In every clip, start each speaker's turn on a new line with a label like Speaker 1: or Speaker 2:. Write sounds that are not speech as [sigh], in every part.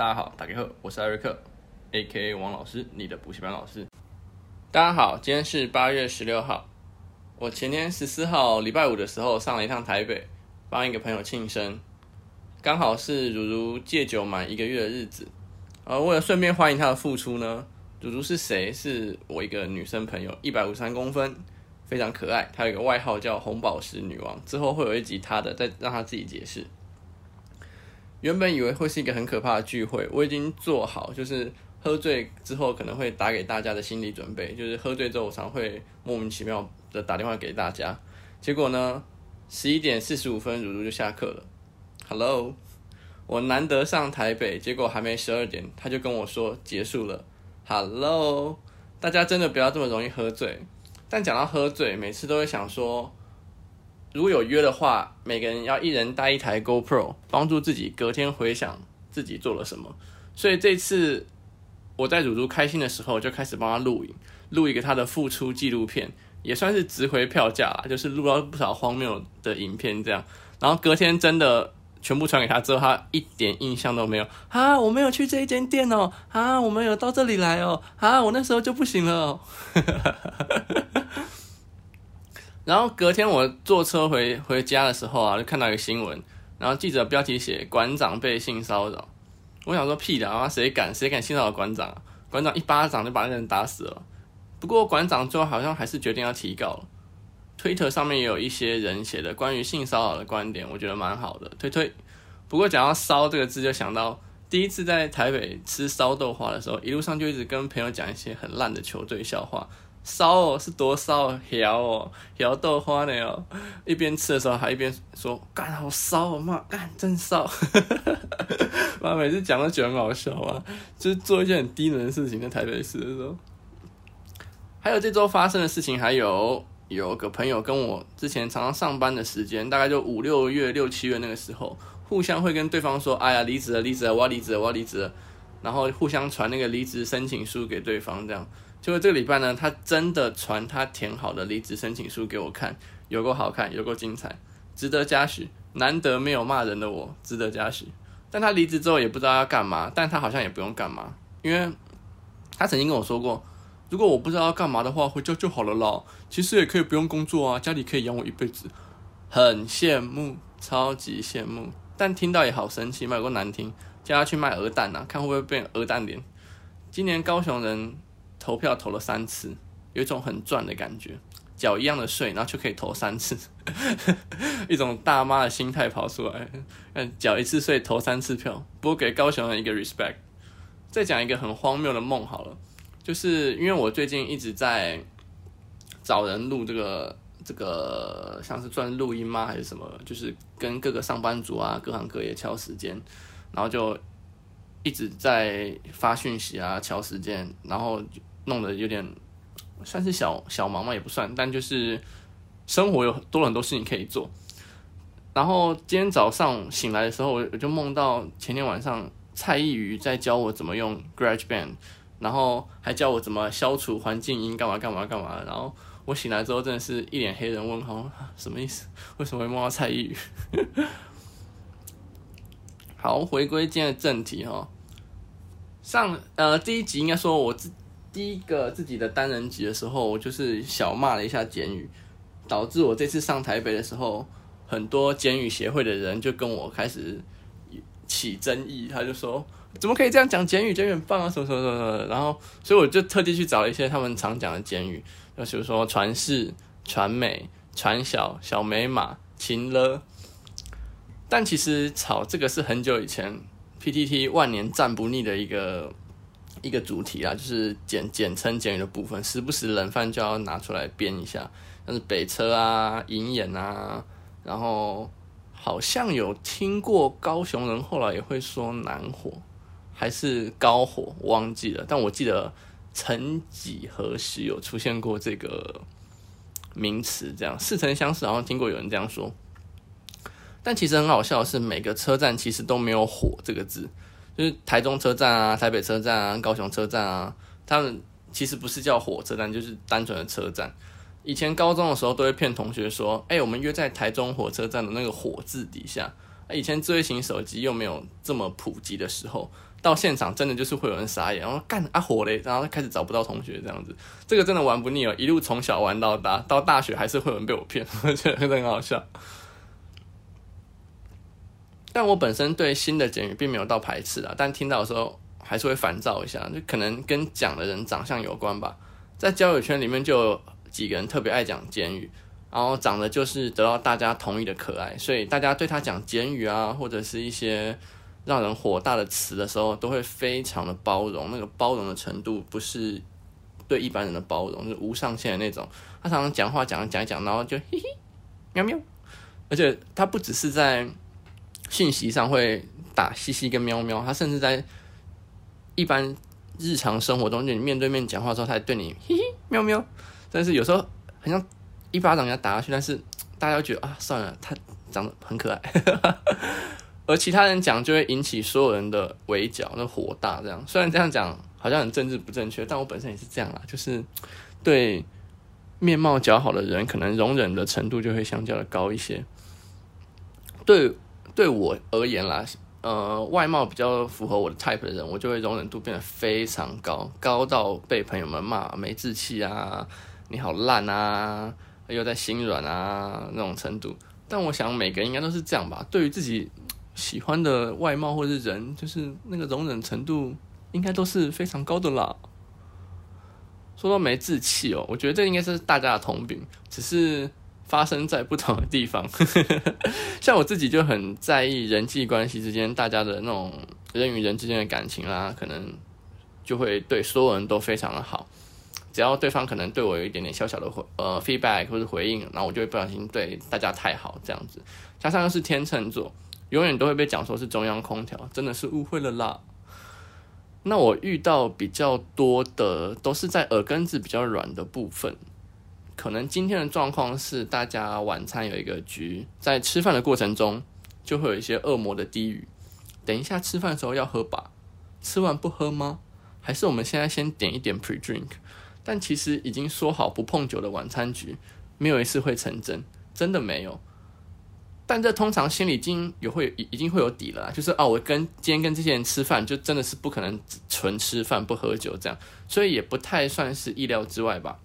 Speaker 1: 大家好，大家好，我是艾瑞克，A.K.A. 王老師，你的補習班老師。大家好，今天是八月十六號，我前天十四號禮拜五的時候上了一趟台北，幫一個朋友慶生，剛好是茹茹戒酒滿一個月的日子，而為了順便歡迎他的復出呢，茹茹是誰？是我一個女生朋友，一百五十三公分，非常可愛，她有個外號叫紅寶石女王，之後會有一集她的，再讓她自己解釋。原本以為會是一個很可怕的聚會，我已經做好就是喝醉之後可能會打給大家的心理準備。就是喝醉之後，我常會莫名其妙的打電話給大家。結果呢，十一點四十五分，如如就下課了。Hello，我難得上台北，結果還沒十二點，他就跟我說結束了。Hello，大家真的不要這麼容易喝醉。但講到喝醉，每次都會想說。如果有約的話，每個人要一人帶一台 GoPro，幫助自己隔天回想自己做了什麼。所以這次我在乳豬開心的時候，就開始幫他錄影，錄一個他的付出紀錄片，也算是值回票價啦。就是錄到不少荒謬的影片這樣，然後隔天真的全部傳給他之後，他一點印象都沒有。啊，我沒有去這一間店哦，啊，我沒有到這裡來哦，啊，我那時候就不行了。 [laughs] 然後隔天我坐車回回家的時候啊，就看到一個新聞，然後記者標題寫“館長被性騷擾”，我想說屁的啊，誰敢誰敢性騷擾的館長？館長一巴掌就把那人打死了。不過館長最後好像還是決定要提告了。推特上面也有一些人寫的關於性騷擾的觀點，我覺得蠻好的。推推。不過講到“騷”這個字，就想到第一次在台北吃騷豆花的時候，一路上就一直跟朋友講一些很爛的球隊笑話。燒哦，喔、是多燒哦，燒哦，燒豆花呢哦，一邊吃的時候還一邊說，幹好燒哦媽，幹真燒，哈哈哈哈媽每次講都覺得很好笑啊，就是做一些很低能的事情在台北市的時候。還有這周發生的事情，還有有個朋友跟我之前常常上班的時間，大概就五六月、六七月那個時候，互相會跟對方說，哎呀，離職了，離職了，我要離職了，我要離職了，然後互相傳那個離職申請書給對方這樣。就結果這個禮拜呢，他真的傳他填好的離職申請書給我看，有夠好看，有夠精彩，值得嘉許。難得沒有罵人的我，值得嘉許。但他離職之後也不知道要幹嘛，但他好像也不用幹嘛，因為他曾經跟我說過，如果我不知道要幹嘛的話，回家就好了咯。其實也可以不用工作啊，家裡可以養我一輩子。很羨慕，超級羨慕。但聽到也好生氣，有夠難聽，叫他去賣鵝蛋吶、啊，看會不會變鵝蛋臉。今年高雄人。投票投了三次，有一種很賺的感覺，繳一樣的稅，然後就可以投三次， [laughs] 一種大媽的心態跑出來，嗯，繳一次稅投三次票。不過給高雄人一個 respect。再講一個很荒謬的夢好了，就是因為我最近一直在找人錄這個這個，這個、像是賺錄音嗎還是什麼？就是跟各個上班族啊，各行各業敲時間，然後就。一直在發訊息啊，喬時間，然後弄得有點算是小小忙嘛，也不算，但就是生活有很多很多事情可以做。然後今天早上醒來的時候，我就夢到前天晚上蔡藝瑜在教我怎麼用 GarageBand，然後還教我怎麼消除環境音，幹嘛幹嘛幹嘛。然後我醒來之後，真的是一臉黑人問號，什麼意思？為什麼會夢到蔡藝瑜？ [laughs] 好，回歸今天的正題哈、哦。上呃第一集應該說，我自第一個自己的單人集的時候，我就是小罵了一下簡語，導致我這次上台北的時候，很多簡語協會的人就跟我開始起爭議，他就說怎麼可以這樣講簡語？簡語很棒啊，什麼什麼什麼，什麼的。然後所以我就特地去找了一些他們常講的簡語，就比、是、如說傳世、傳美、傳小小美馬、秦樂。但其實吵這個是很久以前 PTT 萬年戰不膩的一個一個主題啦，就是簡簡稱簡語的部分，時不時冷飯就要拿出來編一下，像是北車啊、銀眼啊，然後好像有聽過高雄人後來也會說南火，還是高火，我忘記了，但我記得曾幾何時有出現過這個名詞，這樣似曾相識，好像聽過有人這樣說。但其實很好笑的是，每個車站其實都沒有“火”這個字，就是台中車站啊、台北車站啊、高雄車站啊，他們其實不是叫火車站，就是單純的車站。以前高中的時候，都會騙同學說：“哎、欸，我們約在台中火車站的那個‘火’字底下。”以前智慧型手機又沒有這麼普及的時候，到現場真的就是會有人傻眼，然後幹啊火嘞，然後開始找不到同學這樣子。這個真的玩不膩哦、喔，一路從小玩到大，到大學還是會有人被我騙，我覺得很好笑。但我本身對新的簡語並沒有到排斥啊，但聽到的時候還是會煩躁一下，就可能跟講的人長相有關吧。在交友圈裡面就有幾個人特別愛講簡語，然後長得就是得到大家同意的可愛，所以大家對他講簡語啊，或者是一些讓人火大的詞的時候，都會非常的包容。那個包容的程度不是對一般人的包容，就是無上限的那種。他常常講話講講講，然後就嘿嘿喵喵，而且他不只是在。信息上會打嘻嘻跟喵喵，他甚至在一般日常生活中，就你面對面講話的時候，他對你嘻嘻喵喵。但是有時候很想一巴掌給他打下去，但是大家都覺得啊，算了，他長得很可愛。哈哈哈。而其他人講就會引起所有人的圍剿，那火大這樣。雖然這樣講好像很政治不正確，但我本身也是這樣啦，就是對面貌較好的人，可能容忍的程度就會相較的高一些。對。對我而言啦，呃，外貌比較符合我的 type 的人，我就會容忍度變得非常高，高到被朋友們罵沒志氣啊，你好爛啊，又在心軟啊那種程度。但我想每個人應該都是這樣吧，對於自己喜歡的外貌或者是人，就是那個容忍程度應該都是非常高的啦。說到沒志氣哦，我覺得這應該是大家的通病，只是。發生在不同的地方， [laughs] 像我自己就很在意人際關係之間大家的那種人與人之間的感情啦，可能就會對所有人都非常的好，只要對方可能對我有一點點小小的回呃 feedback 或者回應，然後我就會不小心對大家太好這樣子。加上又是天秤座，永遠都會被講說是中央空調，真的是誤會了啦。那我遇到比較多的都是在耳根子比較軟的部分。可能今天的狀況是，大家晚餐有一個局，在吃飯的過程中，就會有一些惡魔的低語。等一下吃飯的時候要喝吧，吃完不喝嗎？還是我們現在先點一點 pre drink？但其實已經說好不碰酒的晚餐局，沒有一次會成真，真的沒有。但這通常心裡已經有會已經會有底了，就是啊，我跟今天跟這些人吃飯，就真的是不可能純吃飯不喝酒這樣，所以也不太算是意料之外吧。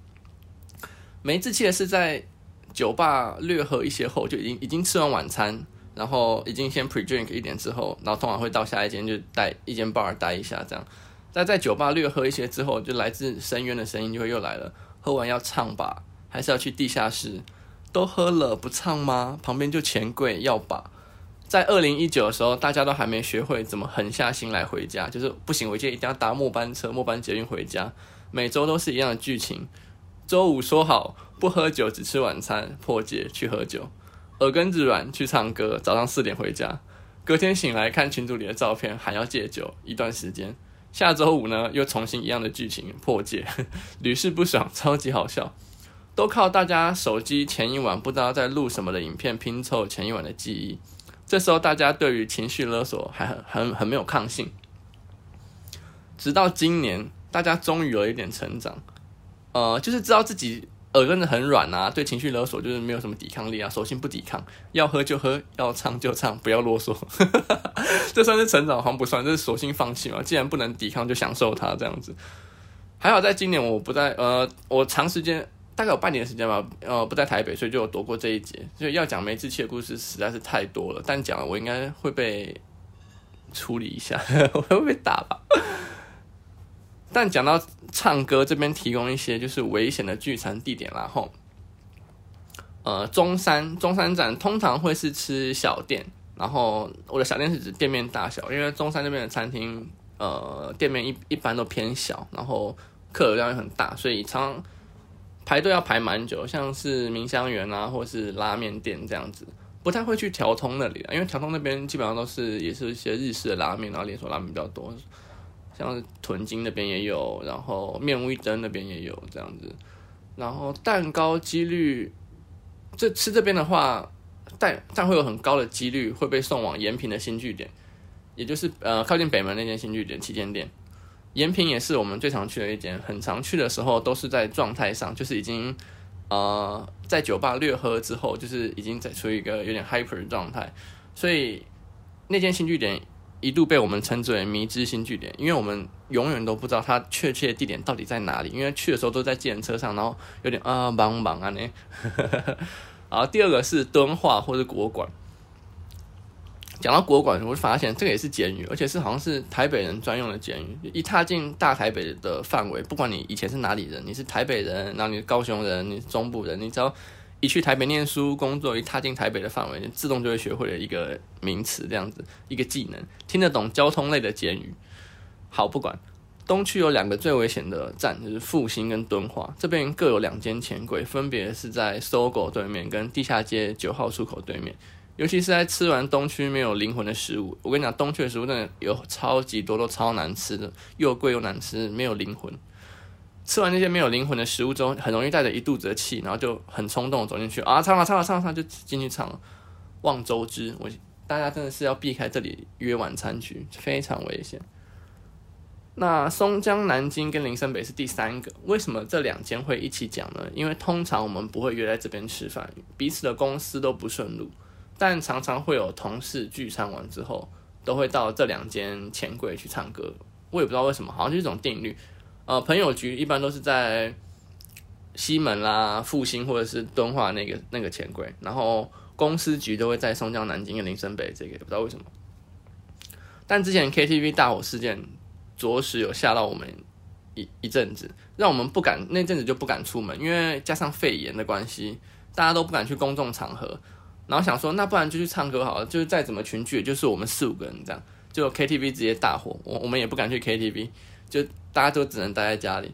Speaker 1: 沒志氣的是在酒吧略喝一些後，就已經已經吃完晚餐，然後已經先 pre-drink 一點之後，然後通常會到下一間就待一間 bar 待一下這樣。但在酒吧略喝一些之後，就來自深淵的聲音就會又來了。喝完要唱吧，還是要去地下室？都喝了不唱嗎？旁邊就錢櫃要吧。在二零一九的時候，大家都還沒學會怎麼狠下心來回家，就是不行，我今天一定要搭末班車、末班捷運回家。每周都是一樣的劇情。週五說好不喝酒，只吃晚餐，破戒去喝酒，耳根子軟，去唱歌，早上四點回家，隔天醒來看群組裡的照片，還要戒酒一段時間。下週五呢，又重新一樣的劇情破戒，屢 [laughs] 試不爽，超級好笑。都靠大家手機前一晚不知道在錄什麼的影片拼湊前一晚的記憶。這時候大家對於情緒勒索還很很很沒有抗性。直到今年，大家終於有一點成長。呃，就是知道自己耳根子很軟啊，對情緒勒索就是沒有什麼抵抗力，啊。索性不抵抗，要喝就喝，要唱就唱，不要囉嗦。 [laughs] 這算是成長，還不算，這是索性放棄嘛。既然不能抵抗，就享受它這樣子。還好在今年我不在，呃，我長時間大概有半年的時間吧，呃，不在台北，所以就有躲過這一劫。所以要講沒志氣的故事實在是太多了，但講了我應該會被處理一下， [laughs] 我會被打吧。但講到唱歌這邊，提供一些就是危險的聚餐地點。然後，呃，中山中山站通常會是吃小店，然後我的小店是指店面大小，因為中山這邊的餐廳，呃，店面一一般都偏小，然後客流量也很大，所以常常排隊要排蠻久。像是明香園啊，或是拉麵店這樣子，不太會去條通那裡，因為條通那邊基本上都是也是一些日式的拉麵，然後連鎖拉麵比較多。像屯金那邊也有，然後麵屋一燈那邊也有這樣子，然後蛋糕幾率，這吃這邊的話，但但會有很高的幾率會被送往延平的新據點，也就是呃靠近北門那間新據點旗艦店，延平也是我們最常去的一間，很常去的時候都是在狀態上，就是已經呃在酒吧略喝之後，就是已經在處於一個有點 hyper 的狀態，所以那間新據點。一度被我們稱之為“迷之新據點”，因為我們永遠都不知道它確切地點到底在哪裡。因為去的時候都在計程車上，然後有點啊茫茫啊呢。然 [laughs] 後第二個是敦化或者國館。講到國館，我就發現這個也是監獄，而且是好像是台北人專用的監獄。一踏進大台北的範圍，不管你以前是哪裡人，你是台北人，然後你是高雄人，你是中部人，你知道。一去台北念書、工作，一踏進台北的範圍，自動就會學會了一個名詞，這樣子一個技能，聽得懂交通類的簡語。好，不管東區有兩個最危險的站，就是復興跟敦化，這邊各有兩間錢櫃，分別是在 SOGO 對面跟地下街九號出口對面。尤其是在吃完東區沒有靈魂的食物，我跟你講，東區的食物真的有超級多，都超難吃的，又貴又難吃，沒有靈魂。吃完那些沒有靈魂的食物之後，很容易帶着一肚子的氣，然後就很衝動走進去啊，唱啊唱啊唱唱就進去唱了。望周知。我大家真的是要避開這裡約晚餐局，非常危險。那松江、南京跟林森北是第三個，為什麼這兩間會一起講呢？因為通常我們不會約在這邊吃飯，彼此的公司都不順路，但常常會有同事聚餐完之後，都會到這兩間錢櫃去唱歌。我也不知道為什麼，好像就是一種定律。呃，朋友局一般都是在西門啦、啊、復興或者是敦化那個那個錢櫃，然後公司局都會在松江、南京跟林森北這個，也不知道為什麼。但之前 KTV 大火事件，着實有嚇到我們一一陣子，讓我們不敢那陣子就不敢出門，因為加上肺炎的關係，大家都不敢去公眾場合。然後想說，那不然就去唱歌好了，就是再怎麼群聚，就是我們四五個人這樣，就 KTV 直接大火，我我們也不敢去 KTV 就。大家就只能待在家裡，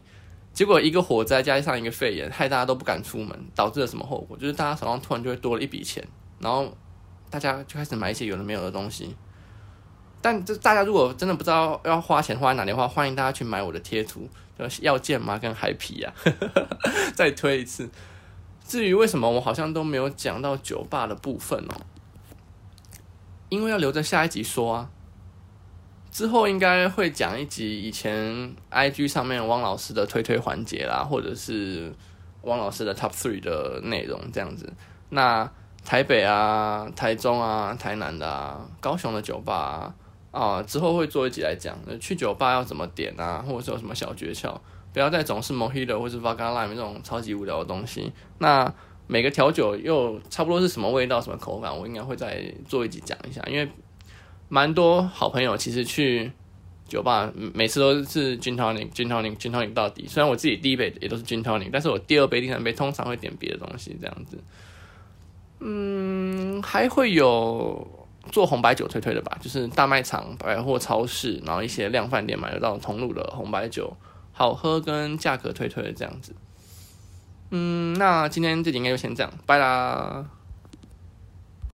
Speaker 1: 結果一個火災加上一個肺炎，害大家都不敢出門，導致了什麼後果？就是大家手上突然就會多了一筆錢，然後大家就開始買一些有的沒有的東西。但這大家如果真的不知道要花錢花在哪裡的話，歡迎大家去買我的貼圖，叫“要見嗎”跟“嗨皮呀”，再推一次。至於為什麼我好像都沒有講到酒吧的部分哦，因為要留着下一集說啊。之後應該會講一集以前 IG 上面汪老師的推推環節啦，或者是汪老師的 Top Three 的內容這樣子。那台北啊、台中啊、台南的啊、高雄的酒吧啊，呃，之後會做一集來講，去酒吧要怎麼點啊，或者是有什麼小訣竅，不要再總是 Mojito 或是 Vodka Lime 這種超級無聊的東西。那每個調酒又差不多是什麼味道、什麼口感，我應該會再做一集講一下，因為。蠻多好朋友其實去酒吧，每次都是 Gin tonic、Gin tonic、Gin tonic 到底。雖然我自己第一杯也都是 Gin tonic，但是我第二杯、第三杯通常會點別的東西這樣子。嗯，還會有做紅白酒推推的吧，就是大賣場、百貨超市，然後一些量販店買得到通路的紅白酒，好喝跟價格推推的這樣子。嗯，那今天這裡應該就先這樣，拜啦。